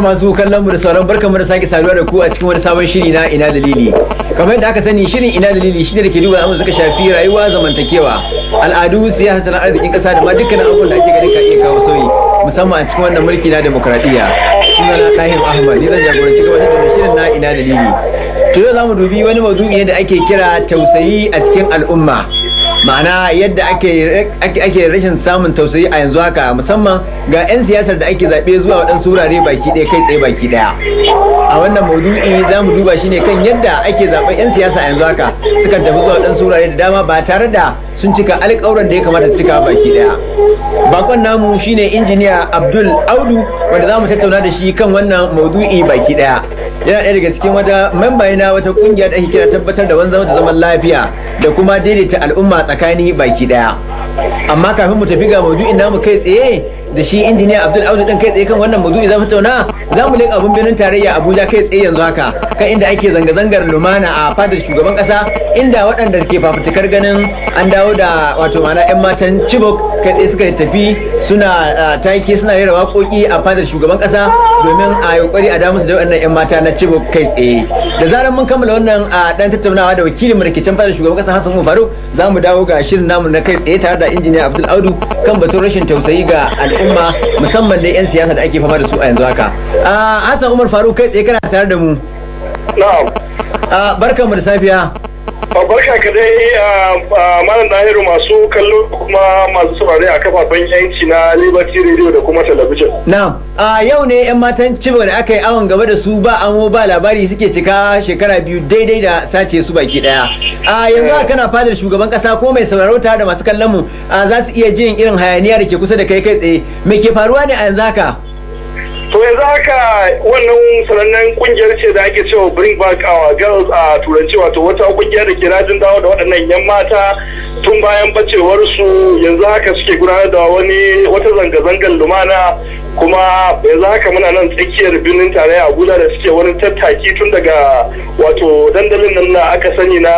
jama'a masu kallon mu da sauran barkanmu da sake saduwa da ku a cikin wani sabon shiri na ina dalili kamar yadda aka sani shirin ina dalili shi da ke duba amma suka shafi rayuwa zamantakewa al'adu siyasa da arzikin kasa da ma dukkan abubuwan da ake ganin ka iya kawo sauyi musamman a cikin wannan mulki na demokradiyya sunana Tahir Ahmad ni zan jagoranci gabatar da shirin na ina dalili to yau mu dubi wani maudu'i da ake kira tausayi a cikin al'umma ma'ana yadda ake rashin samun tausayi a yanzu haka musamman ga 'yan siyasar da ake zaɓe zuwa waɗansu wurare baki ɗaya kai tsaye baki ɗaya a wannan maudu'i za mu duba ne kan yadda ake zaɓen 'yan siyasa a yanzu haka suka tafi zuwa waɗansu wurare da dama ba tare da sun cika alƙawuran da ya kamata su cika baki ɗaya bakon namu shine injiniya abdul audu wanda za mu tattauna da shi kan wannan maudu'i baki ɗaya yana ɗaya daga cikin wata memba na wata kungiya da ake kira tabbatar da wanzama da zaman lafiya da kuma daidaita al'umma tsakani baki ɗaya. amma kafin mu tafi ga maudu'in namu kai tsaye da shi injiniya abdul audu ɗin kai tsaye kan wannan maudu'i za mu tauna za mu leƙa abun birnin tarayya abuja kai tsaye yanzu haka kan inda ake zanga-zangar lumana a fadar shugaban ƙasa inda waɗanda ke fafutukar ganin an dawo da wato ma'ana 'yan matan chibok kai tsaye suka tafi suna ah, take suna yi waƙoƙi a fadar shugaban ƙasa domin a yi a damu su da wannan 'yan mata na cibo kai tsaye da zarar mun kammala wannan a dan tattaunawa da wakilin rikicin fadar shugaban kasa Hassan Umar Faruk za mu dawo ga shirin namu na kai tsaye tare da injiniya Abdul Audu kan batun rashin tausayi ga al'umma musamman da 'yan siyasa da ake fama da su a yanzu haka Hassan Umar Faruk kai tsaye kana tare da mu na'am barkan mu da safiya barka ka dai malam Nahiru, masu kallo kuma masu saurare a kafafen yanci na liberty radio da kuma talabijin na'am a yau ne yan matan cibo da aka yi awon gaba da su ba amo ba labari suke cika shekara biyu daidai da sace su baki daya a yanzu a kana fadar shugaban kasa ko mai sauraro tare da masu kallon mu za su iya jin irin hayaniya da ke kusa da kai kai tsaye me ke faruwa ne a yanzu haka to yanzu haka wannan sanannen kungiyar ce da ake cewa bring back our girls a turanci wato wata kungiyar da ke rajin dawo da waɗannan yan mata tun bayan bacewar su yanzu haka suke gudanar da wani wata zanga-zangar lumana kuma yanzu haka muna nan tsakiyar birnin tarayya abuja da suke wani tattaki tun daga wato dandalin nan na aka sani na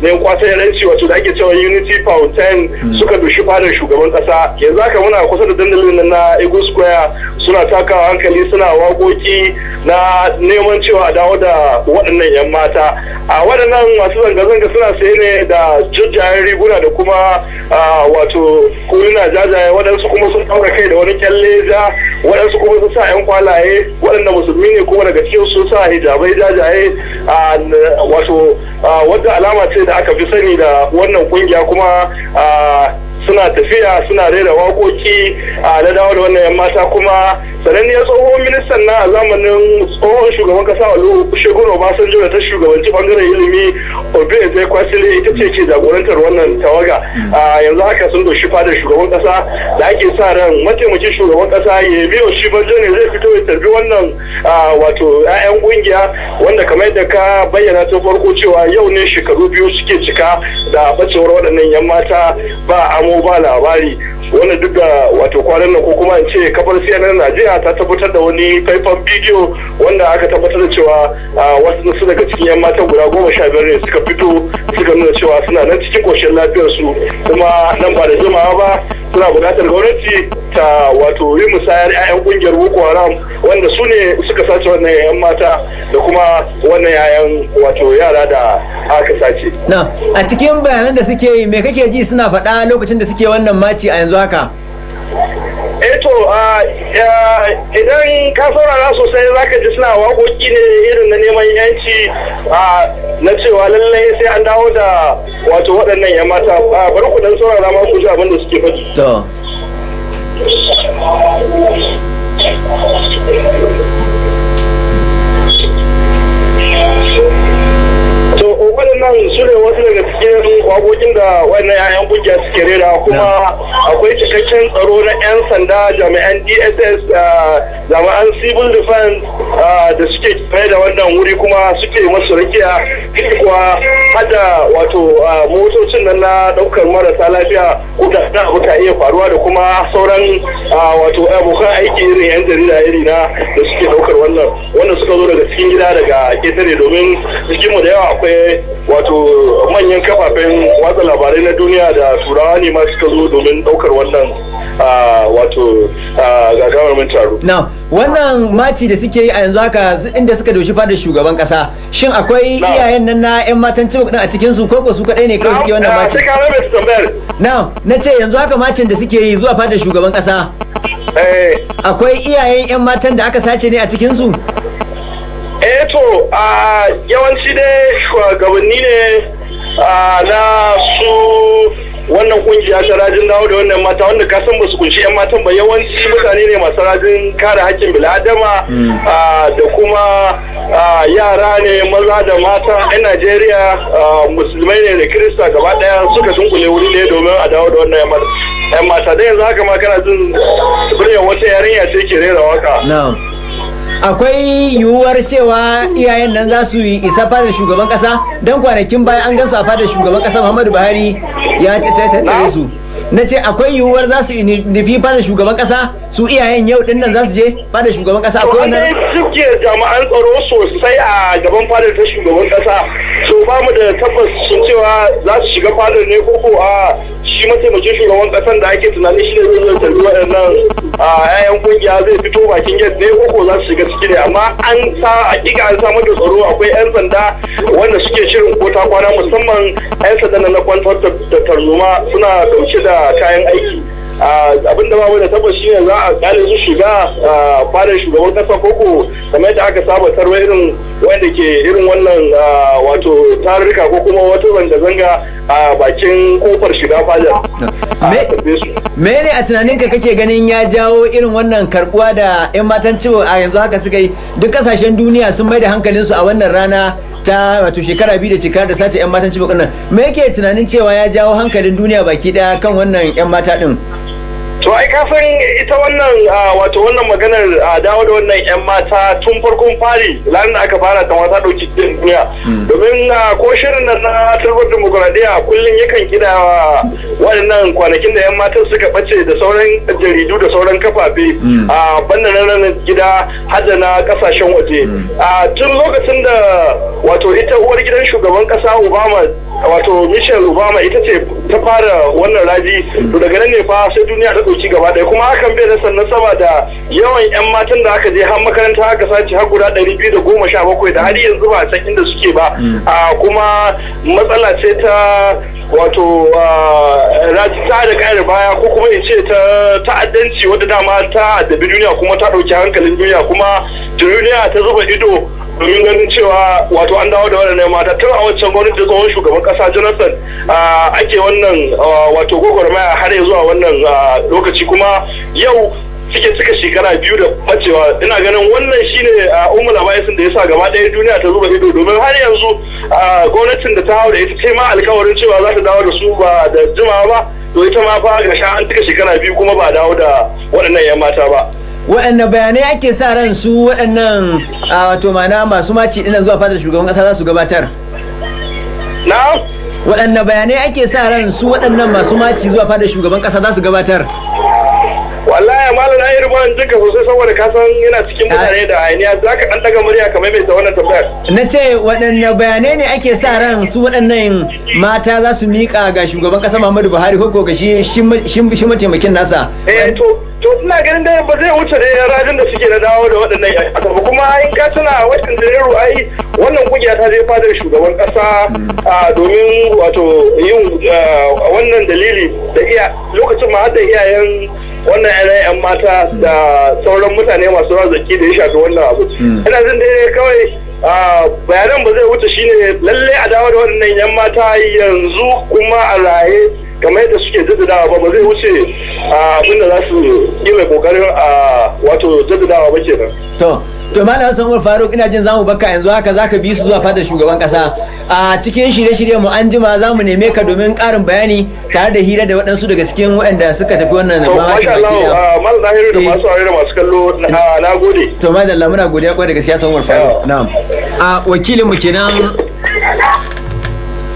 na kwasa yaranci wato da ake cewa unity fountain hmm. suka dushi fadar shugaban kasa yanzu haka muna kusa da dandalin nan na ego square suna takawa hankali suna wagoki na neman cewa dawo da waɗannan 'yan mata a waɗannan masu zanga-zanga suna saye ne da jajjayen riguna da kuma wato kuluna jajaye waɗansu kuma sun ɗaura kai da wani kyalle ja waɗansu kuma sun sa 'yan kwalaye waɗanda musulmi ne kuma daga cikin sun sa hijabai jajaye wato wadda alama ce da aka fi sani da wannan kungiya kuma suna tafiya suna rera waƙoƙi a na dawo da wannan yan mata kuma sananniyar tsohon ministan na a zamanin tsohon shugaban kasa a olusegun obasanjo da ta shugabanci bangaren ilimi obi zai kwasile ita ce ke jagorantar wannan tawaga a yanzu haka sun doshi fadar shugaban kasa da ake sa ran mataimakin shugaban kasa ya biyo shi banjo ne zai fito ya tarbi wannan wato 'ya'yan kungiya wanda kamar yadda ka bayyana ta farko cewa yau ne shekaru biyu suke cika da bacewar waɗannan yan mata ba amo kawo ba labari duk da wato kwanan nan ko kuma in ce kafar CNN Najeriya ta tabbatar da wani faifan bidiyo wanda aka tabbatar da cewa wasu su daga cikin yan matan guda goma sha biyar ne suka fito suka nuna cewa suna nan cikin koshin lafiyar su kuma nan ba da jimawa ba suna buƙatar gwamnati ta wato yi musayar 'ya'yan ƙungiyar Boko Haram wanda su ne suka sace wannan 'yan mata da kuma wannan 'ya'yan wato yara da aka sace. Na a cikin bayanan da suke yi me kake ji suna faɗa lokacin da da suke wannan maci a yanzu haka eto eh idan ka saurara sosai za ka ji suna waƙoƙi ne irin na neman yanci na cewa lallai sai an dawo da wato waɗannan yan mata bari ku dan saurara ma ku ji abin da suke faɗi. waɗannan su ne wasu daga cikin da wannan 'ya'yan kungiya suke rera kuma akwai cikakken tsaro na 'yan sanda jami'an dss jami'an civil defense da suke kai da wannan wuri kuma suke masu rakiya kuwa hada wato motocin nan na ɗaukar marasa lafiya ko da abu ta iya faruwa da kuma sauran wato abokan aiki irin 'yan jarida iri na da suke ɗaukar wannan wannan suka zo daga cikin gida daga ketare domin cikinmu da yawa akwai wato manyan kafafen watsa labarai na duniya da turawa ne ma suka zo domin daukar wannan wato gagarumin taro. na wannan mati da suke yi a yanzu haka inda suka doshi fadar shugaban kasa shin akwai iyayen nan na yan matan cibok din a cikin su koko su kadai ne kawai suke wannan mati na na ce yanzu haka macin da suke yi zuwa fadar shugaban kasa eh. akwai iyayen yan matan da aka sace ne a cikin su eh to a yawanci dai shugabanni ne na su wannan kungiya ta rajin dawo da wannan mata wanda ka san basu kunshi yan matan ba yawanci mutane ne masu rajin kare hakkin bil'adama hmm. da kuma yara ne maza da mata yan Najeriya musulmai ne da Kirista gaba daya suka dunkule wuri ne domin a dawo da wannan yan mata da yanzu haka ma kana jin birnin wata yarinya ce ke rera waka akwai yiwuwar cewa iyayen nan za su yi isa fada shugaban kasa don kwanakin bayan an gansu a fada shugaban kasa muhammadu buhari ya tattare su na ce akwai yiwuwar za su nufi fada shugaban kasa su iyayen yau din nan za su je fada shugaban kasa akwai wannan suke jami'an tsaro sosai a gaban fada ta shugaban kasa so ba mu da tabbas sun cewa za su shiga fada ne ko a shi mataimakin shugaban kasan da ake tunanin shi ne zai zai tarbi waɗannan a yayan kungiya zai fito bakin gate ne uku za su shiga ciki ne amma an sa hakika an samar da tsaro akwai yan sanda wanda suke shirin ko ta kwana musamman yan sanda na kwantar da tarzoma suna dauke da kayan aiki abin da babu da tabbas shine za a kare su shiga fadar shugaban kasa koko kamar yadda aka saba tarwa irin wanda ke irin wannan wato tarurruka ko kuma wato zanga zanga a bakin kofar shiga fadar me ne a tunaninka kake ganin ya jawo irin wannan karbuwa da 'yan matan ciwo a yanzu haka suka yi duk kasashen duniya sun mai da hankalinsu a wannan rana ta wato shekara biyu da cika da sace 'yan matan cibok nan me yake tunanin cewa ya jawo hankalin duniya baki daya kan wannan 'yan mata din to ai kafin ita wannan wato wannan maganar dawo da wannan yan mata tun farkon fari lanin da aka fara ta wata dauki duniya hmm. domin ko shirin nan na tarbar demokuraɗiyya kullum yakan kida waɗannan kwanakin da yan mata suka ɓace da sauran jaridu da sauran kafafe hmm. a banda ranar gida hada na kasashen waje hmm. tun lokacin da wato ita uwar gidan shugaban kasa obama wato michelle obama ita ce ta fara wannan raji to daga nan ne fa sai duniya ta ɗauki gaba ɗaya kuma hakan bai da sannan sama da yawan 'yan matan da aka je har makaranta aka sace har guda ɗari biyu da goma sha bakwai da har yanzu ba a san inda suke ba mm. a kuma matsala ce ta wato ta da ƙari baya ko kuma in ce ta ta'addanci wadda dama ta addabi duniya kuma ta ɗauki hankalin duniya kuma duniya ta zuba ido domin ganin cewa wato an dawo da waɗannan mata tun a wancan gwamnati tsohon shugaban kasa jonathan ake wannan wato gwagwarmaya har zuwa wannan lokaci kuma yau suke cika shekara biyu da bacewa ina ganin wannan shine umar abaisin da ya sa gaba ɗaya duniya ta zuba ido domin har yanzu gwamnatin da ta hau da ita ce ma alkawarin cewa za ta dawo da su ba da jimawa ba to ita ma fa ga sha an cika shekara biyu kuma ba dawo da waɗannan 'yan mata ba waɗanne bayanai ake sa ran su waɗannan wato mana masu maci ɗinan zuwa fadar shugaban ƙasa za su gabatar na'am waɗanne bayanai ake sa ran su waɗannan masu maci zuwa fadar shugaban ƙasa za su gabatar wallahi malam na irin ban jinka sosai saboda ka san yana cikin ah. mutane da ainiya za ka ɗan daga murya kamar mai wannan tambayar na ce waɗanne bayanai ne ake sa ran su waɗannan mata za su miƙa ga shugaban ƙasa muhammadu buhari ko ga shi shi mataimakin nasa eh to ina ganin dai ba zai wuce rajin da suke na dawo da waɗannan yan kuma in ka tuna watan ya ai wannan kungiya ta je fadar shugaban ƙasa domin wato yin wannan dalili da iya lokacin ma da iyayen wannan yan mata da sauran mutane masu razaki da ya shafi wannan abu hmm. ina jin dai kawai bayanan ba zai wuce shine lallai a dawo da waɗannan yan mata yanzu kuma a raye kamar yadda suke jaddadawa ba ba zai wuce abin da za su yi mai kokarin a wato jaddadawa ba kenan. To, to malam Hassan Faruk ina jin zamu baka yanzu haka zaka bi su zuwa fadar shugaban kasa. A cikin shirye-shirye mu an jima zamu neme ka domin karin bayani tare da hira da waɗansu daga cikin waɗanda suka tafi wannan mamakin baki da. Malam Zahiru da masu aure da masu kallo na gode. To madalla muna godiya kwarai da gaskiya Hassan Faruk. Na'am. A wakilin mu kenan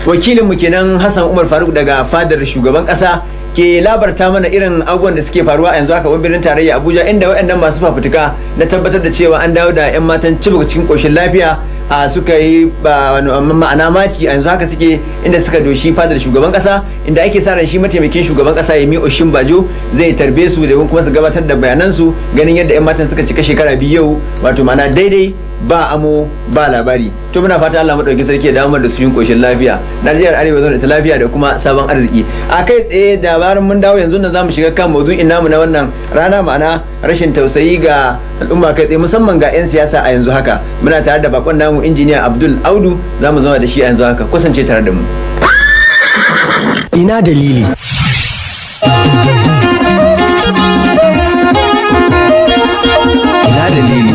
wakilinmu kenan hassan umar faruk daga fadar shugaban kasa ke labarta mana irin abubuwan da suke faruwa a yanzu haka wani birnin tarayya Abuja inda waɗannan masu fafutuka na tabbatar da cewa an dawo da 'yan matan cibuga cikin ƙoshin lafiya a suka yi ma'ana maki a yanzu haka suke inda suka doshi fadar shugaban kasa inda ake sa ran shi mataimakin shugaban kasa shin bajo zai tarbe su da kuma su gabatar da bayanan su ganin yadda 'yan matan suka cika shekara biyu yau wato ma'ana daidai ba amo ba labari to muna fata Allah madauki sarki ya dawo da su yin koshin lafiya Najeriya Arewa da ta lafiya da kuma sabon arziki a kai tsaye da zarar mun dawo yanzu nan zamu shiga kan ina mu na wannan rana ma'ana rashin tausayi ga al'umma kai tsaye musamman ga 'yan siyasa a yanzu haka muna tare da bakon namu injiniya Abdul Audu za mu zama da shi a yanzu haka kusance tare da mu ina dalili ina dalili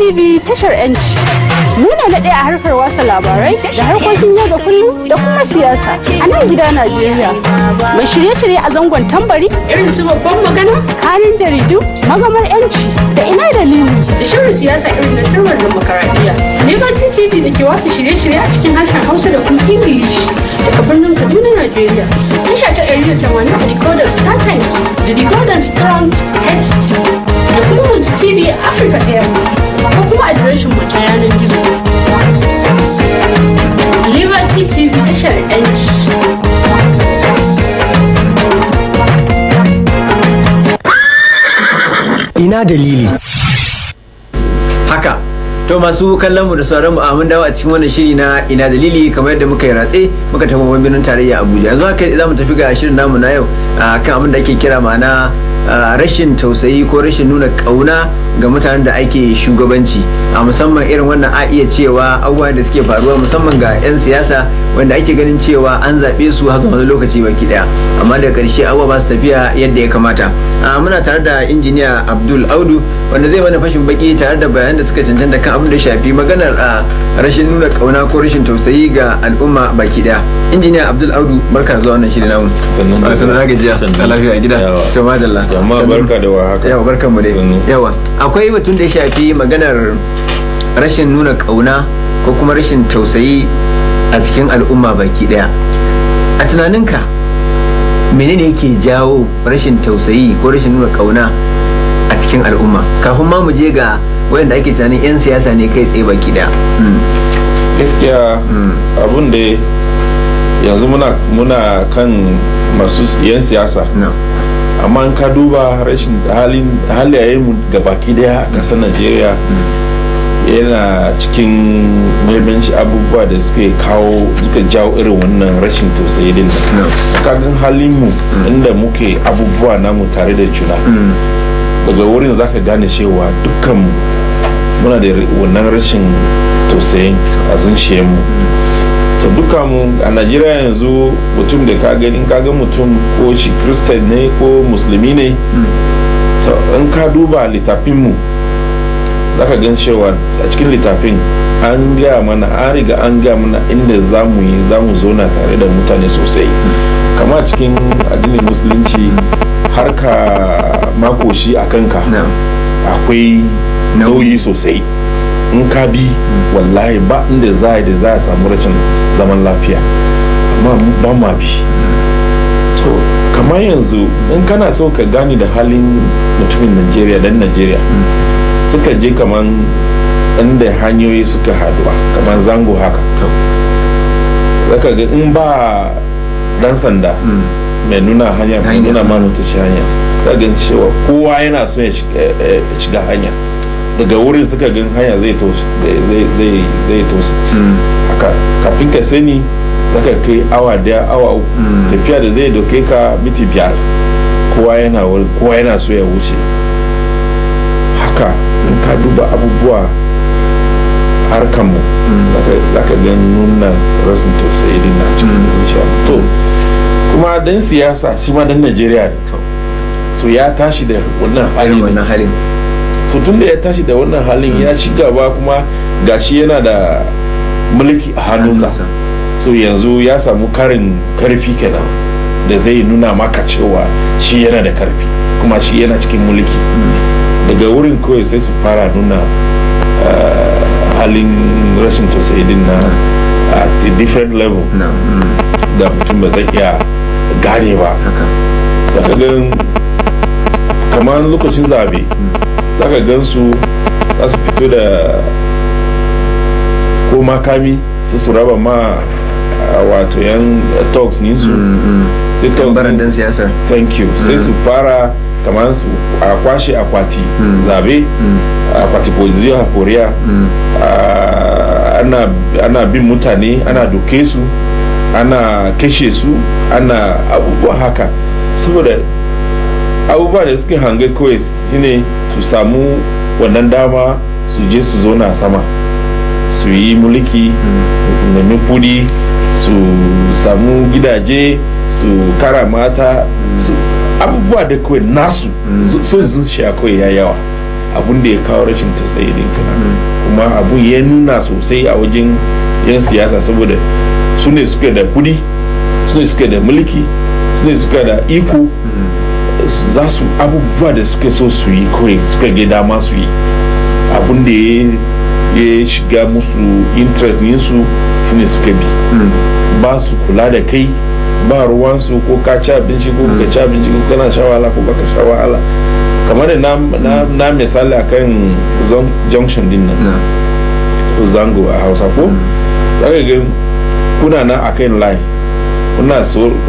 DSTV tashar 'yanci. Muna na ɗaya a harkar wasa labarai da harkokin yau da kullum da kuma siyasa a nan gida Najeriya. Mai shirye-shirye a zangon tambari irin su babban magana, kanin jaridu, magamar 'yanci da ina da limu. Da shirin siyasa irin na turmar demokaradiyya. Liberty TV da ke wasa shirye-shirye a cikin harshen Hausa da kuma Ingilishi daga birnin Kaduna, Najeriya. Tasha ta 180 a Decoder Star Times da Decoder Strand TV. da kuma TV Afirka ta Yamma. ko kuma adireshin mu ta yanar gizo. Liberty TV tashar 'yanci. ina dalili haka to masu kallon mu da sauran mu amin dawo a cikin wannan shiri na ina dalili kamar yadda muka yi ratse muka tafi babban birnin tarayya Abuja yanzu haka za mu tafi ga shirin namu na yau kan abin da ake kira ma'ana rashin tausayi ko rashin nuna kauna ga mutanen da ake shugabanci a musamman irin wannan a iya cewa abubuwa da suke faruwa musamman ga 'yan siyasa wanda ake ganin cewa an zaɓe su har wani lokaci baki daya amma da ƙarshe abubuwa ba su tafiya yadda ya kamata muna tare da injiniya abdul audu wanda zai mana fashin baki tare da bayanan da suka cancanta kan abin da shafi maganar a rashin nuna kauna ko rashin tausayi ga al'umma baki daya injiniya abdul audu barka da zuwa wannan shirin namu sannan da gajiya lafiya a gida to madalla jama'a barka da warhaka yawa barkan mu dai yawa akwai batun da ya shafi maganar rashin nuna kauna ko kuma rashin tausayi a cikin al'umma baki daya a tunaninka menene yake jawo rashin tausayi ko rashin nuna kauna a cikin al'umma kafin ma mu je ga wayanda ake tunanin 'yan siyasa ne kai tsaye baki daya hmm. gaskiya hmm. abun da yanzu muna kan masu 'yan siyasa amma ka duba rashin halin halayenmu ga baki daya a nigeria najeriya yana cikin muhimmanci abubuwa da suke kawo suka jawo irin wannan rashin tausayi din kagan halinmu mm. inda muke abubuwa namu tare da juna mm. daga wurin zaka gane cewa dukkanmu muna da wannan rashin tausayin a mu. Mm. duka mu a najeriya yanzu mutum da ka gani ka ga mutum ko shi kristan ne ko musulmi ne in ka duba littafin mu za ka gan cewa a cikin littafin an gaya mana an riga an gaya mana inda za mu yi za mu zauna tare da mutane sosai kama cikin addinin musulunci har ka makoshi a kanka akwai nauyi sosai in ka bi wallahi ba inda za da za a samu rashin zaman lafiya amma ba ma bi to kamar yanzu in kana so ka gane da halin mutumin najeriya dan najeriya suka je kamar inda hanyoyi suka haduwa kamar zango haka zaka ga in ba dan sanda hmm. mai nuna hanya mai nuna ma hanya ga cewa kowa yana so ya shiga eh, eh, hanya daga wurin suka gan hanya zai tausa hmm. haka kafin ka sani zaka kai awa daya awa uku hmm. tafiya da zai doke ka miti biyar kowa yana so ya wuce haka in ka duba abubuwa harkanmu hmm. zaka gan nuna rasin tausayi din na cikin zuciya to kuma dan siyasa shi ma dan najeriya ne so ya tashi da wannan halin so tun da ya tashi da wannan halin ya ci gaba kuma gashi yana da mulki a hannunsa so yanzu ya samu karin karfi kenan da zai nuna maka cewa shi yana da karfi kuma shi yana cikin mulki daga wurin kawai sai su fara nuna eh, halin rashin tausayi din na at a different level mm. da mutum ba zai iya gane ba kamar lokacin zabe mm. za gan gansu za su fito da ko makami su su raba ma wato yan talks su mm, mm. sai talks siyasa thank you sai mm. su fara kamar su a kwashe akwati zabe akwati a koriya ana bin mutane ana doke su ana kashe su ana abubuwa haka saboda abubuwa da suke hange kawai shine su samu wannan dama su je su zo na sama su yi mulki na kudi su samu gidaje su kara mata su abubuwa da kawai nasu son zuciya kawai ya yawa abun da ya kawo rashin din kana kuma abun ya nuna sosai a wajen yan siyasa saboda su ne suke da kudi su ne suke da mulki su ne suke da iko za su abubuwa da suke so su yi kawai suka ga dama su yi abin da ya shiga musu interest su shine suka bi hmm. ba su kula da kai ba ruwansu ko ka ci abinci ko ka ci hmm. abinci ko kana sha wahala ko baka sha wahala kamar da na, hmm. misali a misali junction din nan zango a hausa ko zaka ga kuna na akan line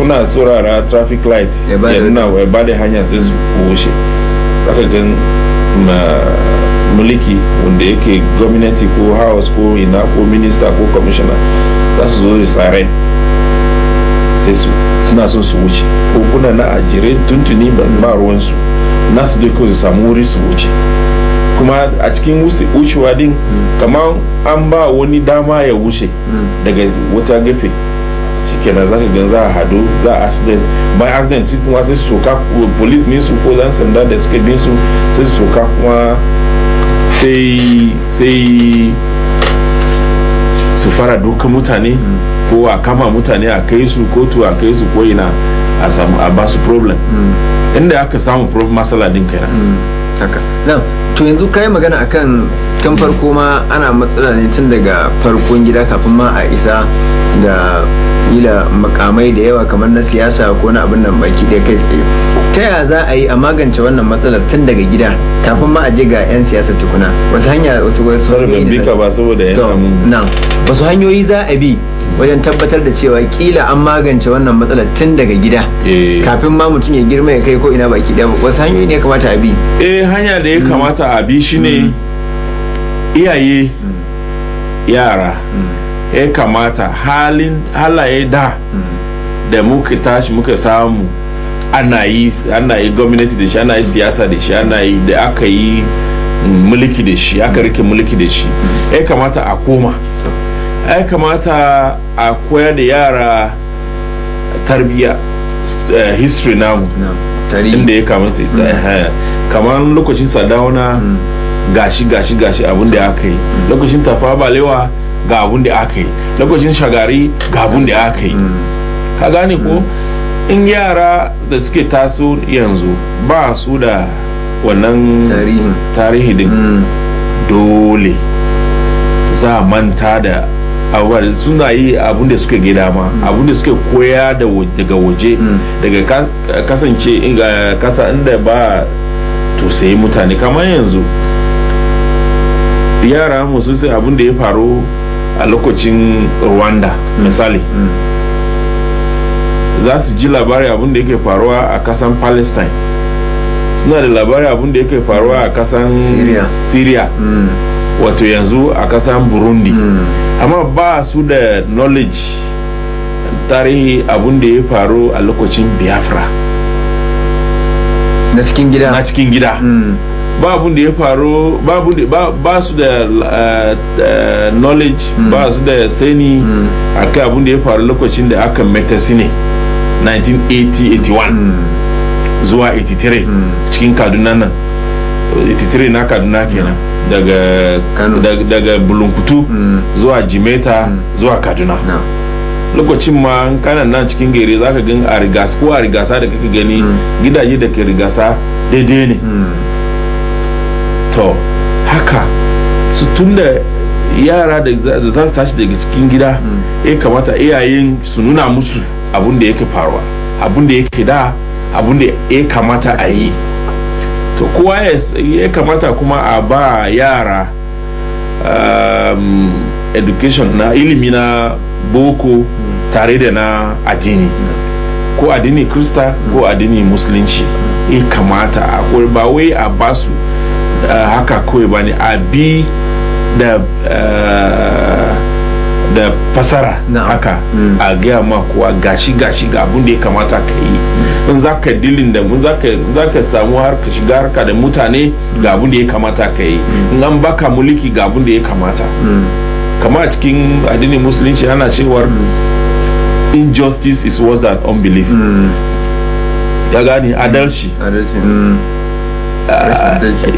kuna tsorara traffic light ya nuna ya ba da hanya sai su koshe saka gan mulki wanda yake gwamnati ko house ko ina ko minista ko commissioner za su zo da tsare sai su suna son su wuce ko kuna na ajire tuntuni ba ruwansu nasu dai kawai su samu wuri su wuce kuma a cikin wucewa din hmm. kamar an ba wani dama ya wuce hmm. daga wata gafe kenan zan ka gan za a hadu za a accident bayan accident kuma sai soka police ne su ko dan sanda da suka bin su sai soka kuma sai sai su fara mutane ko a kama mutane a kai su kotu a kai su ko ina a samu a basu problem mm. inda aka samu matsala din kenan mm. na to yanzu kayi magana akan tun farko ma ana matsala ne tun daga farkon gida kafin ma a isa da yila makamai da yawa kamar na siyasa ko na abin nan baki da kai tsaye ta yaya za a yi a magance wannan matsalar tun daga gida kafin ma a je ga 'yan siyasa tukuna wasu hanya wasu ba saboda wasu hanyoyi za a bi wajen tabbatar da cewa kila an magance wannan matsalar tun daga gida eh. kafin ma mutum ya girma ya kai ko ina baki daya wasu hanyoyi ne ya kamata a bi eh hanya da ya hmm. kamata a bi shine hmm. iyaye hmm. yara ya kamata halin halaye da da muka tashi muka samu ana yi ana yi gwamnati da shi ana yi siyasa da shi ana yi da aka yi mulki da shi aka rike mulki da shi ya kamata a koma ai kamata a koyar da yara tarbiya eh, history namu inda ya kamata mm. eh, kamar lokacin sadauna mm. gashi gashi gashi abin da aka yi mm. lokacin tafa balewa ga abin da aka yi lokacin shagari ga abin da aka yi ka gane ko in yara da suke taso yanzu ba su da wannan tarihi din dole za manta da awal suna yi abin da suka gida ma hmm. abin da suka koya daga waje hmm. daga kasance inga kasa inda ba sai mutane kamar yanzu yara mu sun sai abin da ya faru a lokacin rwanda hmm. misali za su ji labari abin da yake faruwa a kasan palestine suna da labari abin da yake faruwa a kasan syria wato yanzu a kasan burundi mm. amma ba su da knowledge tarihi abun da ya faru a lokacin biafra na cikin gida na cikin gida mm. ba abun da ya faru ba su da eh, eh, knowledge mm. ba su da sani mm. a kai abun da ya faru lokacin da aka meta sine 1980-81 zuwa 83 cikin kaduna nan 83 na kaduna kenan daga daga bulunkutu mm. zuwa jimeta mm. zuwa kaduna lokacin ma kanan nan cikin gere za ka gan a rigasa ko a rigasa da kake gani mm. gidaje da ke rigasa daidai ne to haka su tun da yara da za su tashi daga cikin gida ya kamata iyayen su nuna musu abun da yake faruwa abun da yake da abun da ya kamata a yi to kowa ya kamata kuma a ba yara um, education na ilimi na boko tare da na addini ko addini krista ko adini musulunci ya kamata a ba wai a basu uh, haka kawai ba ne a bi da uh, da fasara haka mm. a gaya ma kuwa gashi gashi ga abin da ya kamata ka yi in za ka dilin da mun za ka samu har ka shiga harka da mutane ga abin da ya kamata ka yi mm. in an baka mulki ga abin da ya kamata mm. kama a cikin addinin musulunci ana cewar injustice is worse than unbelief ya gane adalci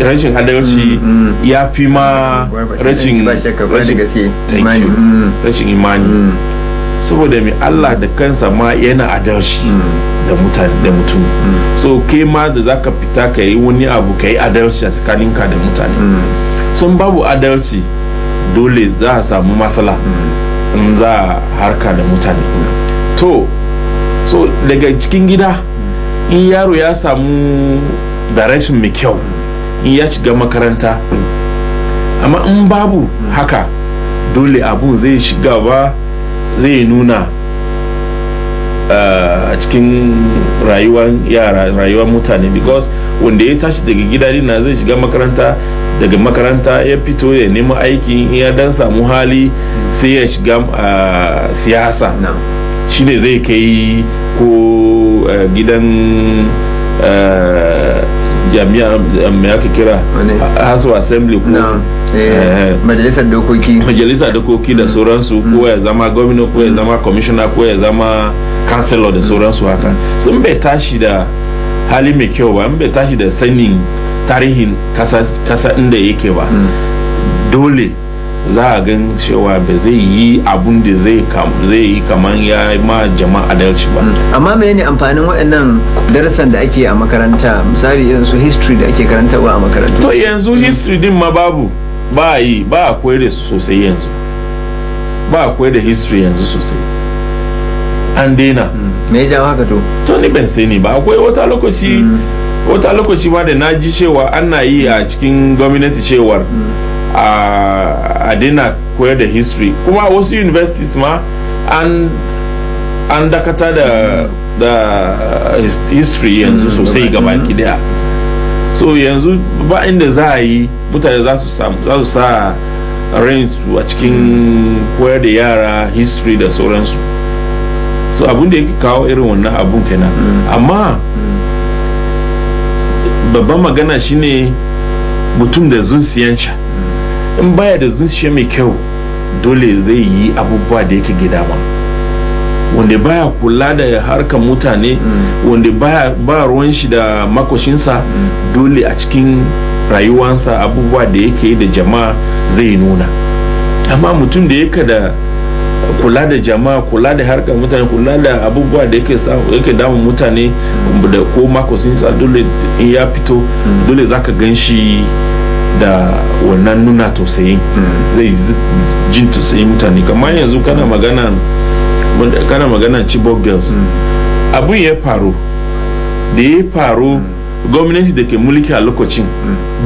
rashin adalci mm-hmm. ya fi ma rashin mm-hmm. rashin imani mm-hmm. saboda mai Allah da kansa ma yana adalci da mutane da mutum so ke ma da za ka fita ka yi wani abu ka yi adalci a ka da mutane sun babu adalci dole za a samu matsala in za a harka da mutane to so daga cikin gida in yaro ya samu direction mai kyau in ya shiga makaranta amma in babu haka dole abu zai shiga ba zai nuna eh, a cikin rayuwar yara rayuwar mutane because wanda ya tashi daga gida na zai shiga makaranta daga makaranta ya fito ya nema aiki ya dan samu hali sai ya shiga ah, siyasa shine zai kai ko eh, gidan eh, jami'a eh, mai aka kira house assembly ko eh, eh, majalisar dokoki majalisar dokoki da sauransu ko mm. ya zama gwamna ko ya zama commissioner ko ya zama councilor da mm. sauransu haka sun bai tashi da hali mai kyau ba in bai tashi da sanin tarihin kasa inda yake ba mm. dole za a gan cewa ba zai yi abun da zai yi kamar ya ma jama'a adalci ba amma me ne amfanin waɗannan darasan da ake a makaranta misali irin su history da ake karantarwa a makaranta. to yanzu hmm. history din ma babu ba yi ba a koyar da sosai yanzu ba a koyar da history yanzu sosai an daina hmm. me ya jawo haka to to ni ban sani ba akwai wata lokaci hmm. wata lokaci ma da na ji cewa ana yi a cikin gwamnati cewar a dina koyar da history kuma wasu universities ma an an dakata da da history yanzu mm, sosai ga baki daya so yanzu ba inda za a yi mutane za su sa su a cikin mm. koyar da yara history da sauransu so abin da yake kawo irin wannan abun kenan mm. amma babban magana shine mutum da zuciyanca in baya da zuciya mai kyau dole zai yi abubuwa da yake gida ma wanda baya kula da harkar mutane mm. wanda ba ba ruwan shi da makoshinsa mm. dole a cikin rayuwansa abubuwa da yake da jama'a zai nuna amma mutum da yake da kula da jama'a kula da harkar mutane kula da abubuwa da yake damun mutane mm. ko makosinsa dole ya fito dole zaka gan shi da wannan nuna tausayin mm. zai jin tausayin mutane kamar yanzu kana mm. magana kana magana chibok girls mm. abu ya faru da ya faru gwamnati da ke mulki a lokacin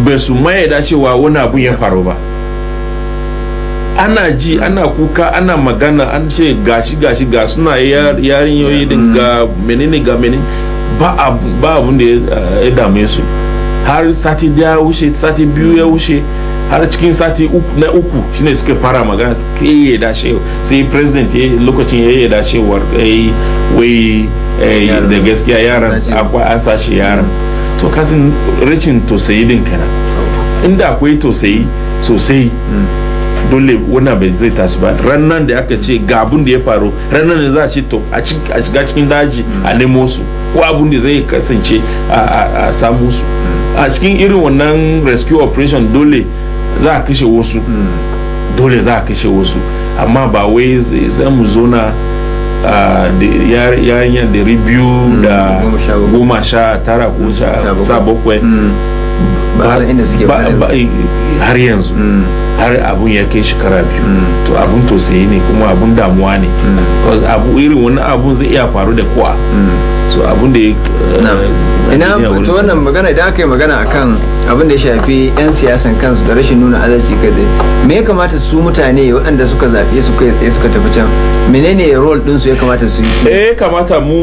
bai su maye da cewa wani abu ya faru ba ana ji ana kuka ana magana an ce gashi gashi ga suna yarin yoyi din ga menene ga menene ba abun da ya eh, dame su har sati daya wuce sati biyu ya wuce har cikin sati na uku shine suka fara magana sai ya dace sai president ya lokacin ya yi dacewar eh, wai eh, da gaskiya yaran akwai an sashi yaran to kasin rikin tosayi din kana inda akwai tosayi sosai dole wannan bai zai tasu ba rannan da aka ce ga abun da ya faru rannan da za a ce to a shiga cikin daji a nemo su ko abun da zai kasance a samu su a cikin irin wannan rescue operation dole za a kashe wasu dole za a kashe wasu amma ba wai sai mu zona yayin da ribiyu da mm, goma sha tara ko sha bakwai mm. har inda suke eh, har yanzu mm. har abun ya kai shekara biyu mm. to abun tausayi ne kuma abun damuwa ne mm. abu irin wani abun zai iya faru da kuwa. so abun da eh, ina to wannan magana idan aka yi magana akan abin da ya shafi yan siyasan kansu da rashin nuna adalci kada me ya kamata su mutane waɗanda suka zafi su kai tsaye suka tafi can menene role ɗinsu ya kamata su yi eh kamata mu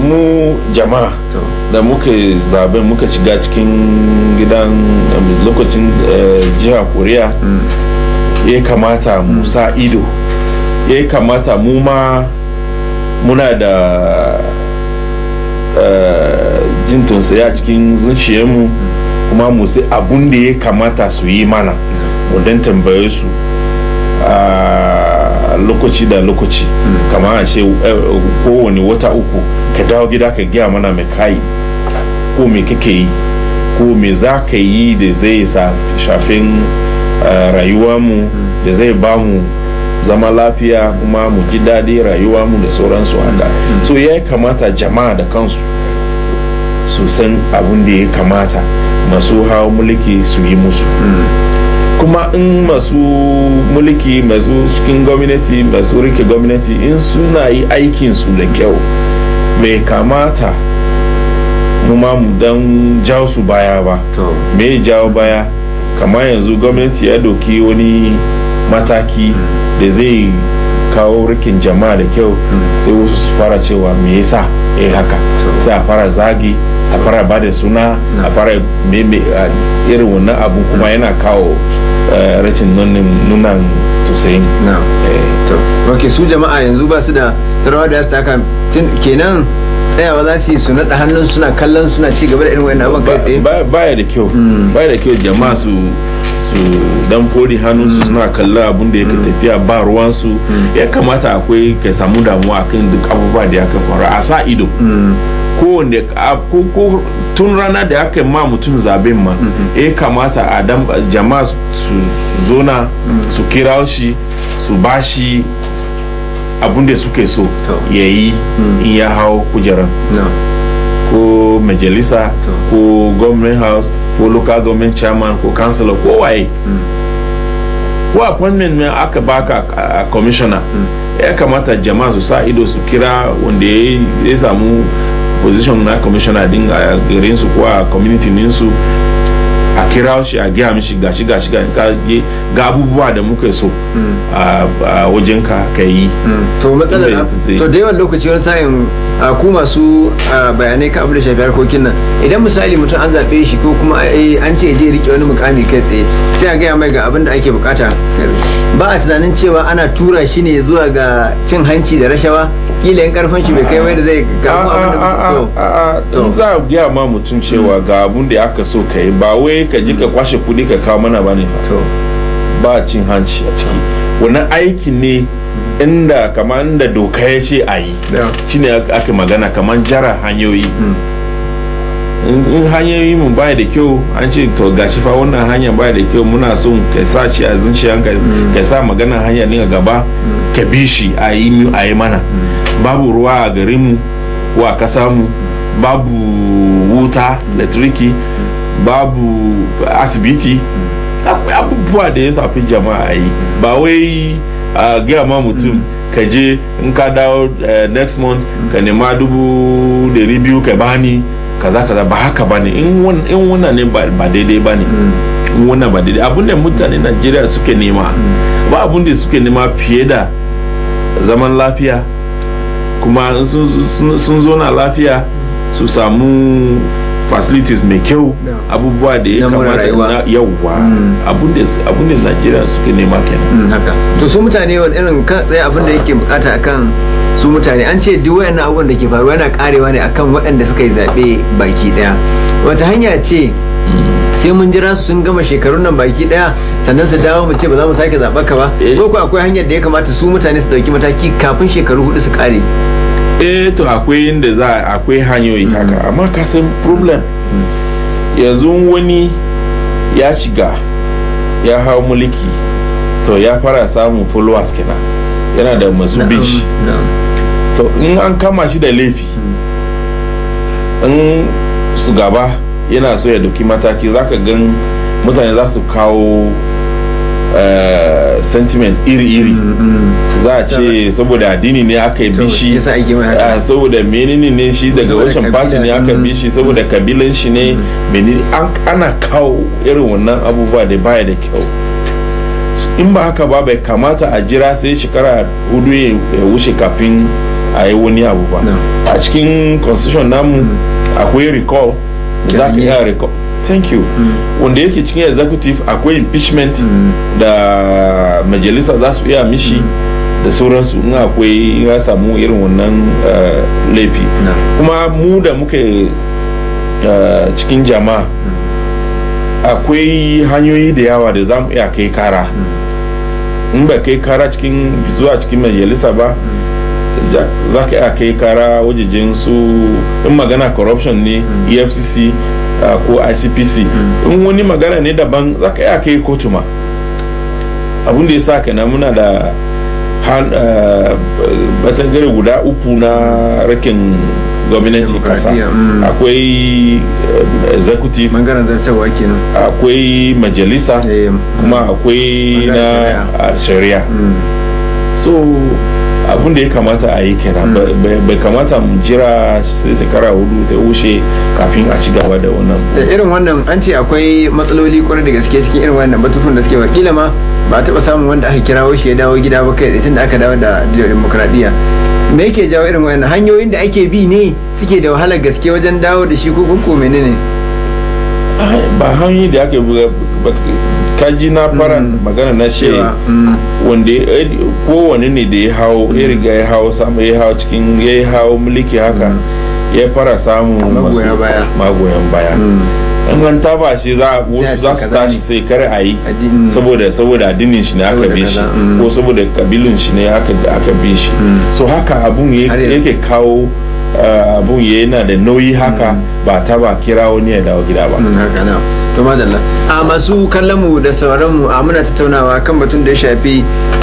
mu jama'a da muka zaben muka shiga cikin gidan um, lokacin eh, jiha koriya mm. ya kamata mu mm. sa ido ya kamata mu ma muna da eh, jin tunsaya cikin mu mm. kuma mu sai abun da ya kamata su yi mana mu don tambaye su ah, lokaci da lokaci hmm. kamar a ce eh, kowane wata uku ka dawo gida ka gaya mana mai kayi ko me kake yi ko me za ka yi da zai shafin eh, rayuwarmu hmm. da zai ba mu zama lafiya kuma mu ji daɗi mu da sauransu haka hmm. so ya kamata jama'a da kansu su san abin da ya kamata masu hawa mulki su yi musu kuma in masu mulki masu cikin gwamnati masu rike gwamnati in suna yi aikin su da kyau bai kamata mu ma mu dan jawo su baya ba me jawo baya kamar yanzu gwamnati ya doki wani mataki hmm. da zai kawo rikin jama'a da kyau hmm. sai wasu su fara cewa me yasa yi haka sai a fara zagi a fara bada suna a hmm. fara irin wannan abu kuma yana kawo Eh, rashin nunan tusayin eh, to su jama'a yanzu ba su da tarawa da su taka kenan tsayawa za su yi su naɗa hannun suna kallon suna ci gaba da irin wani abin kai tsaye baya da kyau mm. baya da kyau jama'a su su dan fori hannun su mm. suna kallon abin da yake mm. tafiya ba ruwan su ya kamata akwai ka samu damuwa akan duk abubuwa da ya faru a sa ido ko tun rana da aka ma mutum zaben ma mhm. ya kamata a jama'a su zona mm. su kira shi su bashi abin da suke so ya yi mm. in ya hau kujeran ko majalisa ko government house ko local government chairman ko councilor ko waye mm. ko appointment mai aka baka a commissioner ya kamata jama'a su sa ido su kira wanda ya samu position na commissioner din a garin su a community din kira shi a gaya mishi gashi gashi ga abubuwa da muka so a wajen ka ka yi hmm. to matsalar to da yawan lokaci wani sa'in ku masu bayanai ka abu da shafi harkokin nan idan misali mutum an zaɓe shi ko kuma eh, an ce je rike wani mukami kai tsaye sai a gaya mai ga abin da ake bukata ba a tunanin cewa ana tura shi ne zuwa ga cin hanci da rashawa kila yan karfin shi bai kai wai da zai gamu abin da to za a gaya ma mutum cewa ga abin da aka so ka yi ba wai ka je ka kwashe kuɗi ka kawo mana ba ne ba cin hanci a ciki wani aiki ne inda kamar inda doka ya ce a yi ne ake magana kamar jara hanyoyi in hanyoyi mu baya da kyau an ce to gashi fa wannan hanya baya da kyau muna son ka sa shi a zuciyan ka mm. ka sa magana hanya ne gaba mm. ka bi shi a yi mana mm. babu ruwa a garinmu mu a kasa mu babu wuta da turki babu asibiti akwai abubuwa da ya safi jama'a yi ba wai a gaya ma mutum mm. ka je in ka dawo eh, next month mm. ka nema dubu dari biyu ka bani kaza kaza ba haka ba ne in wannan ne ba daidai ba ne mm. in wannan ba daidai abinda mutane najeriya suke nema ba abinda suke nema fiye da zaman lafiya kuma sun zo na lafiya su samu facilities mai kyau abubuwa da ya kamata na yawwa mm. abun da Najeriya suke nema kenan mm, to su mutane wani irin kan tsaye eh, abin da yake bukata akan su mutane an ce duk wayannan abubuwan da ke faruwa yana karewa ne akan waɗanda suka yi zaɓe baki ɗaya wata hanya ce mm. sai mun jira su sun gama shekarun nan baki daya sannan su dawo mu ce ba za mu sake zaɓa ka ba eh. ko akwai hanyar da ya kamata su mutane su ɗauki mataki kafin shekaru hudu su kare eh to akwai inda za akwai hanyoyi mm. haka amma ka san problem mm. yanzu wani ya shiga ya hau mulki to ya fara samun followers kenan yana da masu bin shi to in an kama shi da laifi mm. in su gaba yana so ya doki mataki zaka gan mutane za su kawo Eh, sentiments iri-iri mm, mm. za a ce saboda addini ne aka yi bishi eh, saboda menene ne shi daga wancan party ne aka bishi saboda mm. kabilan shi ne ana kawo irin wannan abubuwa da baya da kyau in ba haka ba bai kamata a jira sai shekara hudu ya wuce kafin a yi wani abu ba a cikin constitution namu akwai recall za ka iya recall thank you hmm. wanda yake cikin executive akwai impeachment hmm. da majalisa za su iya mishi hmm. da sauransu in akwai ya samu irin wannan eh, laifi kuma mu da muka eh, cikin jama'a akwai hanyoyi da yawa da za mu iya kai kara in ba kai kara cikin zuwa cikin majalisa ba za ka iya kai kara wajejen su in magana corruption ne efcc Ah, ko icpc mm. in wani magana ne daban za ka iya kai kotu ma abinda ya sa kenan muna da ah, batangare guda uku na rikin gwamnati kasa mm. akwai eh, executive zartarwa kenan akwai majalisa eh, mm. kuma akwai na shari'a ah, so abin da ya kamata a yi kenan bai kamata mu jira sai shekara hudu ta wuce kafin a ci gaba da wannan da irin wannan an ce akwai matsaloli kwarai da gaske cikin irin wannan batutun da suke wakila ma ba taɓa samun wanda aka kirawo shi ya dawo gida ba kai tun da aka dawo da demokradiyya me yake jawo irin wannan hanyoyin da ake bi ne suke da wahalar gaske wajen dawo da shi ko ko menene ne ba hanyoyi da aka kaji na fara mm. magana na ce mm. wanda eh, kowane ne da ya hawo ya mm. riga ya hawo samu ya hawo cikin ya hawo mulki haka ya fara samun masu magoyan baya in an taba shi za a tashi sai kar a yi saboda saboda addinin shi ne aka bi shi ko saboda kabilun shi ne aka bi shi so haka abun yake kawo Eh, abun yana da nauyi haka ba ta ba kira wani ya dawo gida ba mm, to madalla a masu kallon mu da sauran mu a muna tattaunawa kan batun da ya shafi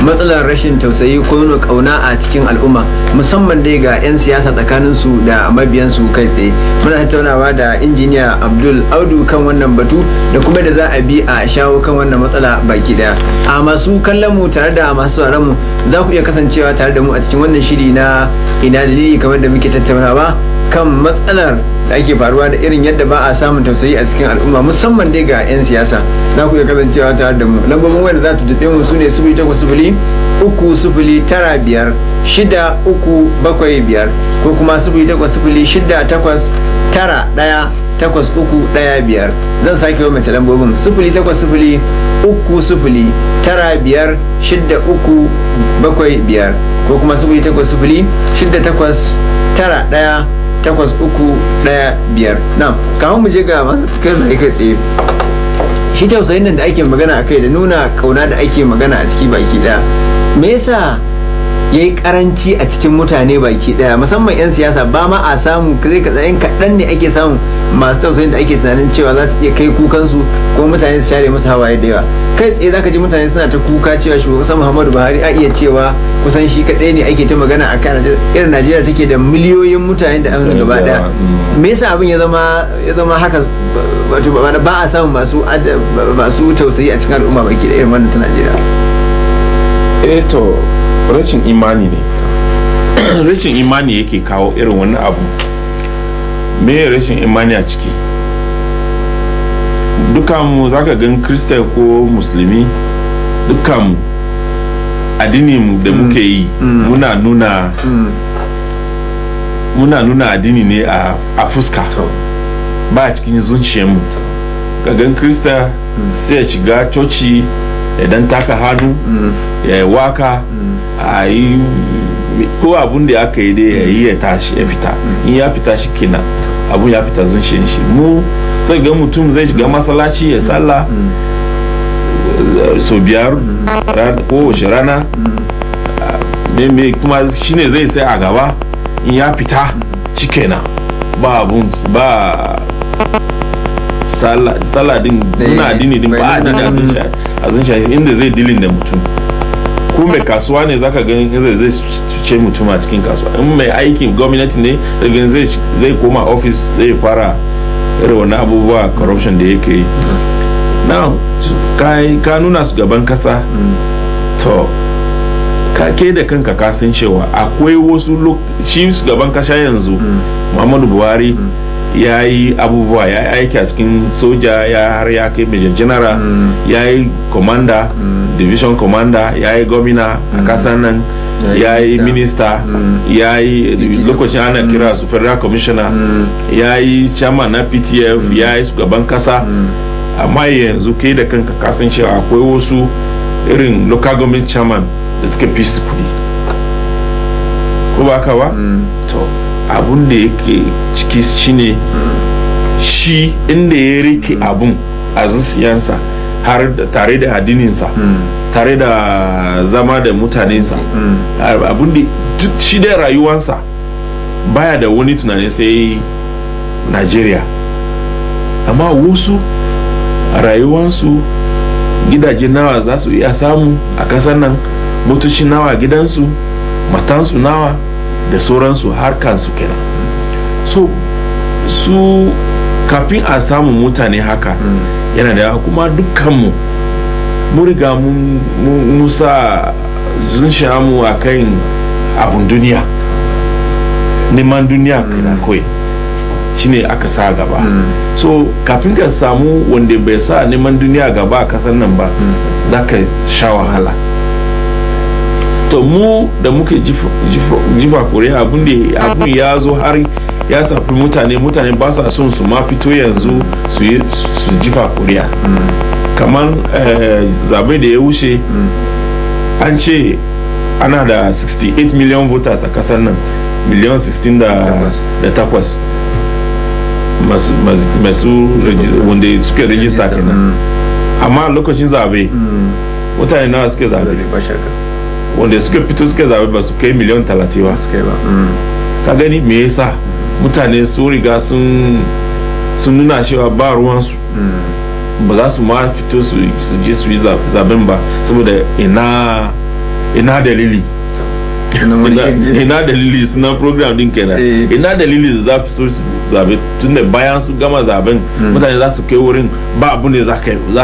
matsalar rashin tausayi ko nuna kauna a cikin al'umma musamman dai ga 'yan siyasa tsakanin su da mabiyan su kai tsaye muna tattaunawa da injiniya abdul audu kan wannan batu da kuma da za a bi a shawo kan wannan matsala baki daya a masu kallon mu tare da masu sauran mu za ku iya kasancewa tare da mu a cikin wannan shiri na ina dalili kamar da muke tattaunawa kan matsalar da ake faruwa da irin yadda ba a samun tausayi a cikin al'umma musamman dai ga 'yan siyasa za ku iya kasancewa tare da mu lambobin wayar za ta tuɗe mu su ne sufuri takwas sufuri uku sufuri tara biyar shida uku bakwai biyar ko kuma sufuri takwas sufuri shida takwas tara ɗaya takwas uku ɗaya biyar zan sake wa mace lambobin sufuri takwas sufuri uku sufuri tara biyar shida uku bakwai biyar ko kuma sufuri takwas sufuri shida takwas tara ɗaya takwas uku ɗaya biyar na kawo mu je ga masu kai kai tsaye shi tausayin nan da ake magana a kai da nuna kauna da ake magana a ciki baki ɗaya me yasa ya yi karanci a cikin mutane baki daya musamman 'yan siyasa ba ma a samu zai yan kaɗan ne ake samu masu tausayin da ake tunanin cewa za su iya kai kukansu ko mutane su share musu hawaye da yawa kai tsaye zaka ji mutane suna ta kuka cewa shugaban kasa muhammadu buhari a iya cewa kusan shi kaɗai ne ake ta magana a kan irin najeriya take da miliyoyin mutane da amina gaba daya mm. me yasa abin ya zama ya zama haka wato ba a samun masu masu tausayi a cikin al'umma baki da irin wannan ta najeriya eh to rashin imani ne rashin imani yake kawo irin wani abu me rashin imani a ciki dukkanmu za ka gan krista ko musulmi dukkanmu addini da muke mm. yi mm. muna nuna mm. muna nuna addini ne a fuska ba a cikin zuciyarmu ka gan krista sai ya shiga coci idan taka hannu mm. ya yi waka mm. a yi ko abun da aka yi dai ya yi ya mm. tashi ya fita in ya fita shi kina abun ya fita zun shi shi mu sai ga mutum zai shiga masallaci ya sallah sau biyar kowace rana me kuma shine zai sai a gaba in ya fita shi kina ba abun ba sallah din eh, muna addini din ba addini a shafi inda zai dilin da mutum ko mai kasuwa ne zaka ganin zai zai ce mutum a cikin kasuwa in mai aikin gwamnati ne zai zai koma ofis zai fara irin wani abubuwa corruption da yake yi now ka nuna su gaban kasa to ka ke da kanka kasancewa cewa akwai wasu shi su gaban kasa yanzu mm. muhammadu buhari mm. ya yi abubuwa ya yi aiki a cikin soja ya har ya kai major general mm. ya yi commander mm. division commander ya yi gwamna a mm. kasan nan ya yi minista ya yi lokacin ana kira su federal commissioner ya yi chairman na ptf ya yi shugaban kasa amma yanzu ke da kanka kasan cewa akwai wasu irin local government chairman da suka fi su kudi ko ba ka ba abun da yake ciki shine shi inda ya rike abun a zuciyansa har tare da adininsa tare da zama da mutanensa abun da shi da rayuwansa baya da wani tunanin sai nigeria amma wasu rayuwansu gidaje nawa za su iya samu a kasar nan motoci nawa gidansu matansu nawa da sauransu har kansu kenan so su kafin a samu mutane haka mm. yana da kuma dukkanmu muriga riga mun sa mu a kan abun duniya neman duniya mm. kenan kawai shine aka sa gaba mm. so kafin ka samu wanda bai sa neman duniya gaba a kasar nan ba za ka sha wahala to mu da muke jifa kore abun da abun ya zo har ya safi mutane mutane ba su son su ma fito yanzu su jifa kuriya kamar eh, zabe da ya wuce an ce ana da 68 million voters a kasar nan miliyan 16 da takwas masu wanda suke rajista kenan mm. amma lokacin zabe mm. mutane nawa suke zabe wanda suka fito suka zaɓi ba su kai miliyan talatin ba ka gani me yasa mutane sun riga sun nuna cewa ba ruwansu mm. ba za su ma fito su je su yi zaben ba saboda ina dalili ina dalili suna program din kenan eh. ina dalili da za su zabe tunda bayan su gama zaben mm. mutane za su kai wurin ba abu ne za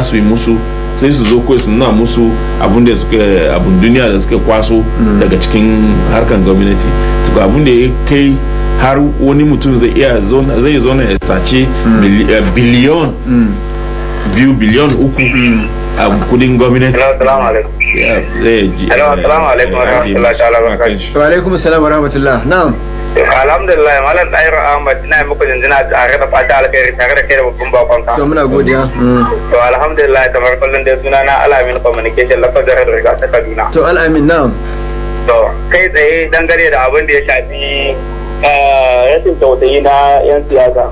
su yi musu sai su zo kawai su nuna musu abun da suke eh, abun duniya da suke kwaso mm. daga cikin harkan gwamnati to abun da ya kai har wani mutum zai iya zai zona ya sace mm. eh, biliyon mm. biyu biliyon uku a kudin gwamnati. Assalamu alaikum. Assalamu alaikum eh, wa rahmatullahi wa barakatuh. Wa alaikum assalam wa rahmatullah. Na'am. alhamdulillah malam ɗayar ahmad ina muku jinjina tare da fata alkhairi tare da kai da babban bakon ka to muna godiya mm. to alhamdulillah kamar kullum da suna na alamin communication lafazar da riga ta kaduna to alamin na'am to kai tsaye dangane da abin da ya shafi eh, rashin tausayi na yan siyasa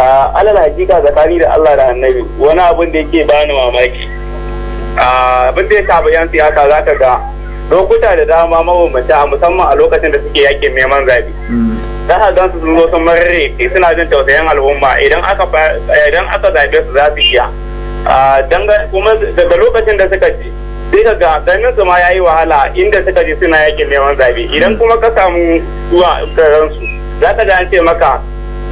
ah, alal hakika tsakani da Allah da annabi wani abin da yake bani mamaki ah, abin da ya shafi yan siyasa za ka ga lokuta da dama mabambanta musamman a lokacin da suke yakin neman zaɓe. Mm. za a gan sun zo sun marre suna jin tausayin al'umma idan aka idan aka zaɓe su za su iya kuma daga lokacin da suka ji sai ka ga ganin su ma ya yi wahala inda suka ji suna yakin neman zaɓe idan mm. kuma ka samu zuwa karansu za ka ga an ce maka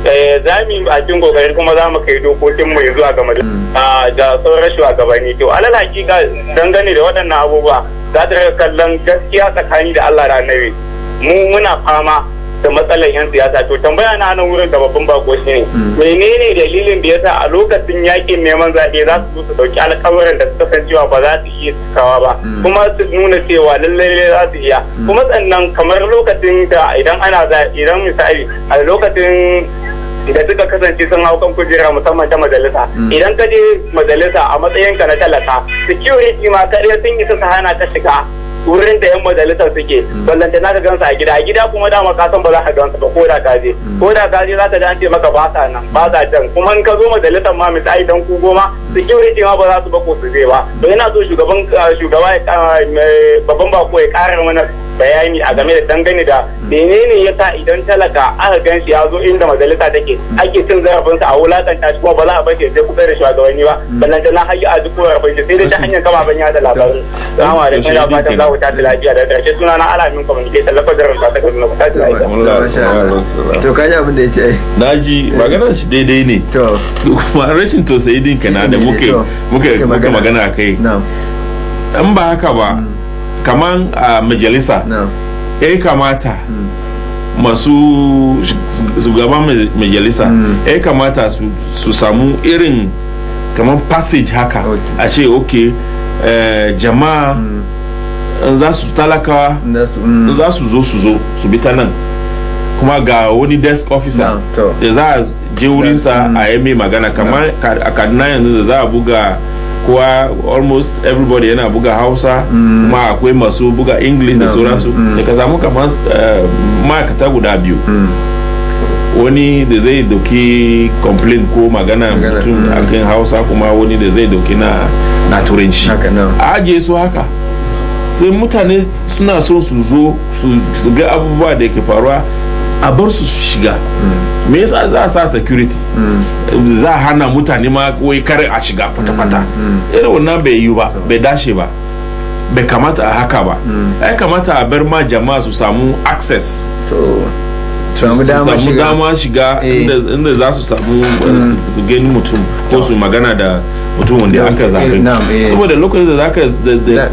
Eh, za mu yi bakin kokari kuma za mu kai dokokin mu yanzu a game da mm. sauran shugabanni to alal hakika dangane da waɗannan abubuwa za ta kallon gaskiya tsakani da Allah da annabi mu muna fama da matsalar 'yan siyasa to tambaya na nan wurin da babban bako shi ne hmm. menene dalilin da yasa a lokacin yakin neman zaɓe za su su dauki alkawarin da suka san cewa ba za su iya cikawa ba hmm. kuma su nuna cewa lallai za su iya hmm. kuma sannan kamar lokacin da idan ana za idan misali a lokacin da suka kasance sun hau kan kujera musamman ta majalisa idan ka je majalisa a matsayinka na talaka security ma kare sun isa su hana ka shiga wurin da yan majalisar suke mm. ballanta na ka gansa a gida a gida kuma dama ka san ba za ka gansa ba ko da ka je mm. ko da ka je za ka ji an ce maka ba sa nan ba sa can kuma in ka zo majalisar ma misali dan ku goma mm. security ma ba za su ba ko su je ba to ina so shugaban ah, shugaba ah, babban bako ya ƙara mana bayani a game da dangane da menene ya sa idan talaka aka gan shi ya zo inda majalisa take ake cin zarafinsa a wulakanta shi kuma ba za a bace sai kusa da shugabanni ba ballanta na hayya a duk koyar bai sai dai ta hanyar kama ban yada labarin. Assalamu alaikum. ku tashi lafiya da ƙarshe suna na alamin communication lafazin rumfa ta kaduna ku tashi lafiya. To ka ji abin da ya ce. Na ji maganar shi daidai ne. To. Kuma rashin tausayi din ka na da muke muke magana kai. In ba haka ba mm. kaman a majalisa. Ya kamata mm. masu shugaban majalisa mm. ya kamata su samu irin kamar passage haka a ce ok eh, jama'a za su talakawa mm. za su zo su zo su bi ta nan kuma ga wani desk officer da za a je wurinsa mm. a yame magana kamar a kaduna yanzu da za a buga kowa almost everybody yana buga hausa mm. kuma akwai masu buga english da sauransu da ka samu kamar eh, ma'aikata guda biyu wani da zai doki complain ko magana mutum akan hausa kuma wani da zai doki na turanci a ajiye su haka sai mutane suna son su zo su ga abubuwa da ke faruwa a bar su shiga mm. me yasa za a sa security mm. za a hana mutane ma wai kare a shiga fata-fata mm, irin wannan bai yi ba bai dashe ba bai kamata a haka ba ya kamata a bar ma jama'a su samu access samu dama shiga eh. inda za su samu eh, su gani mutum ko su magana da mutum wanda aka zaɓe eh, saboda lokacin da zaka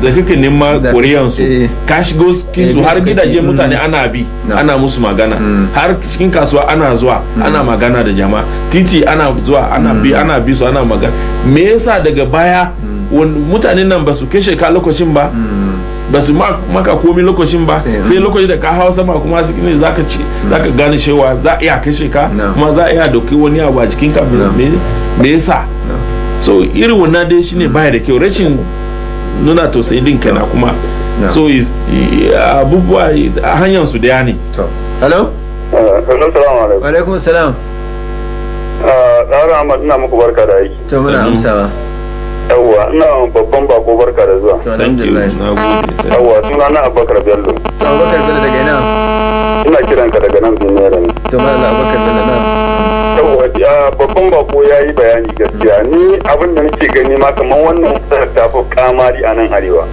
da kake nema koriyan su ka shigo su har gidaje mutane mm. ana bi ana musu magana mm. har cikin kasuwa ana zuwa mm. ana magana da jama'a titi ana zuwa ana bi ana bi su ana magana me yasa daga baya mutane nan ba su kai shekara lokacin ba ba su maka komi lokacin ba sai lokacin da ka hau sama kuma su ne za ka hmm. zaka gane cewa za a iya kashe ka kuma za a iya doki wani abu a cikin ka me sa so irin wannan dai shine hmm. baya da kyau rashin nuna tausayi din kenan kuma so abubuwa a hanyar su daya ne hello alaikum salam tsara ah, ina muku barka da aiki to muna amsawa yawwa ina babban bako barka da zuwa yawwa suna na abubakar bello abubakar bello daga ina ina kiran ka daga nan bimera ne to mallam abubakar bello na yawwa babban bako ya yi bayani gaskiya ni abin da nake gani ma kamar wannan tsar ta fi kamari a nan arewa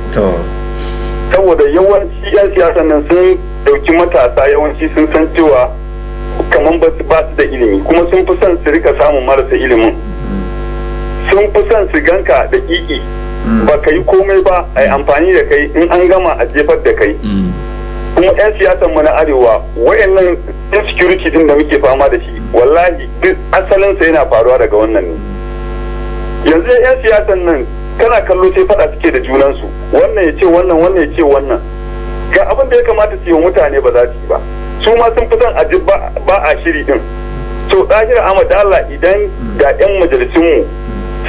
saboda yawanci 'yan siyasan nan sun dauki matasa yawanci sun san cewa kamar ba su da ilimi kuma sun fi son su rika samun marasa ilimin sun fi son su ganka da kiki mm. ba ka yi komai ba a yi mm. amfani da kai in an gama a jefar da kai mm. kuma 'yan siyasan mu na arewa wayannan insecurity din da muke fama da shi wallahi duk asalinsa yana faruwa daga wannan ne yanzu 'yan siyasan nan kana kallo sai fada suke da junansu wannan ya ce wannan wannan ya ce wannan ga abin da ya kamata su yi mutane ba za su yi ba su ma sun fi son a ba a shiri din to ɗakira amadala Allah idan ga 'yan majalisunmu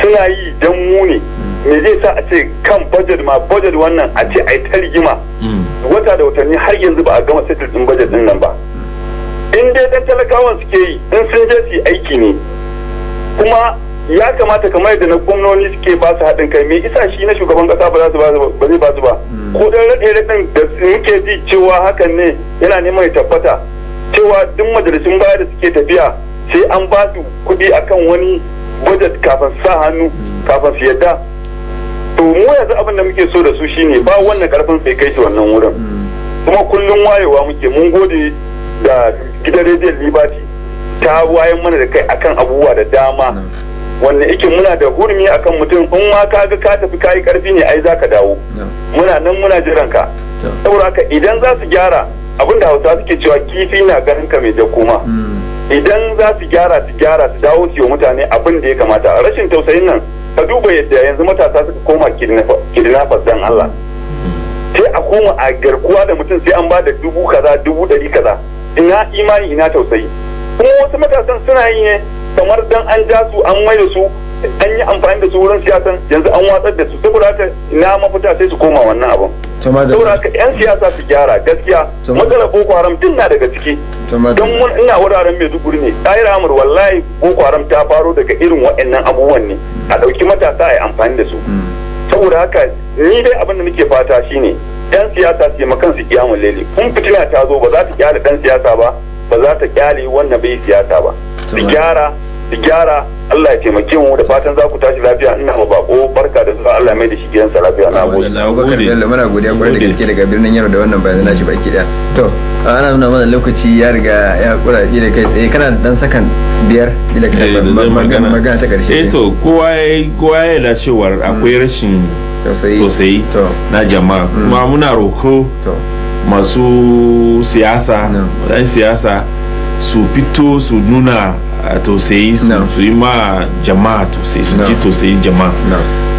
suna yi don muni ne me zai sa a ce kan budget ma budget wannan a ce a yi ta rigima mm. wata da watanni har yanzu ba a gama settle din budget din nan ba in dai dan talakawan suke yi in sun je su aiki ne kuma ya kamata kamar yadda na gwamnoni suke ba su haɗin kai me isa shi na shugaban kasa ba su ba zai ba su ba mm. ko dan rade raden da muke ji cewa hakan ne yana neman ya tabbata cewa duk majalisun baya da suke tafiya sai an ba su kuɗi akan wani budget kafin sa hannu kafin su yadda to mu yanzu abin da muke so da su shine ba wannan karfin sai kai shi wannan wurin kuma kullum wayewa muke mun gode da gidan rediyon liberty ta wayan mana da kai akan abubuwa da dama wanda yake muna da hurumi akan mutum in ma ka ga ka tafi kayi karfi ne ai zaka dawo muna nan muna jiran ka saboda haka idan za su gyara abin da hausa suke cewa kifi na ganin ka mai jakuma idan za su gyara su gyara su dawo su yi mutane abin da ya kamata rashin tausayin nan ka duba yadda yanzu matasa suka koma kidnappers dan Allah sai a koma a garkuwa da mutum sai an ba da dubu kaza dubu ɗari kaza ina imani ina tausayi kuma wasu matasan suna yi ne kamar dan an ja su an maye su an yi amfani da su wurin siyasan yanzu an watsar da su saboda haka na mafita sai su koma wannan abin saboda haka yan siyasa su gyara gaskiya matsala boko haram din na daga ciki don mun ina wuraren maiduguri ne tsayar amur wallahi boko haram ta faro daga irin waɗannan abubuwan ne a ɗauki matasa a yi amfani da su mm. saboda haka ni dai abin da nake fata shine yan siyasa su yi makan su kiyamun lele kun fitila ta zo ba za ta kyale dan siyasa ba ba za ta kyale wannan bai siyasa ba su gyara su gyara Allah ya taimake mu da fatan za ku tashi lafiya ina ma bako barka da zuwa Allah mai da shi gidan sa lafiya na gode muna godiya kwarai da gaske daga birnin Yaro da wannan bayanan nashi baki daya to ana nuna mana lokaci ya riga ya kura da kai tsaye kana dan sakan biyar bila kai eh, magana magana ta karshe eh to kowa ya kowa ya da cewar hmm. akwai rashin tausayi na jama'a hmm. kuma muna roko masu siyasa dan hmm. siyasa su fito su nuna ah, tausayi su yi ma jama'a tausayi su ji tausayi jama'a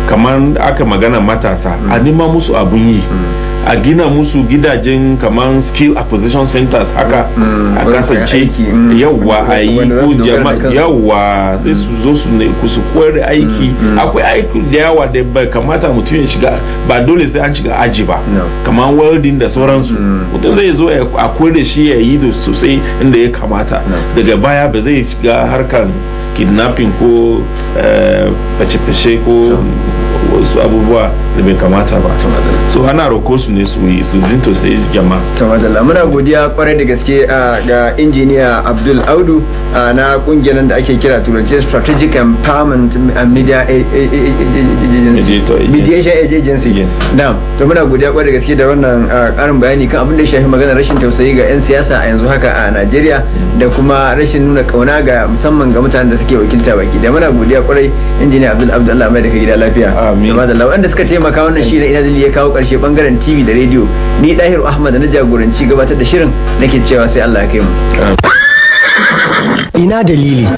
kamar aka magana matasa a mm. nima musu abun yi mm. a gina musu gidajen kamar skill acquisition centers haka mm, mm, a kasance mm. yawwa a yi ko yawwa sai su zo su ne su koyar aiki akwai aiki da yawa da bai kamata mutum ya shiga ba dole sai an shiga aji ba kamar welding da sauransu mutum zai zo a koyar da shi ya yi da sosai inda ya kamata daga baya ba zai shiga harkan kidnapping ko eh, fashe-fashe ko abubuwa da bai kamata ba so ana roko su ne su yi su zinto sai jama tamadala muna godiya kwarai da gaske ga injiniya abdul audu na kungiyar da ake kira turanci strategic empowerment and media agency mediation agency na'am to muna godiya kwarai da gaske da wannan karin bayani kan abin da shafi magana rashin tausayi ga 'yan siyasa a yanzu haka a najeriya da kuma rashin nuna kauna ga musamman ga mutanen da suke wakilta baki da muna godiya kwarai injiniya abdul abdullahi mai da ka gida lafiya amin madalla wanda suka taimaka wannan shi da ina dalili ya kawo karshe bangaren tv da rediyo ni dahiru ahmad na jagoranci gabatar da shirin nake cewa sai allah ya kai mu ina dalili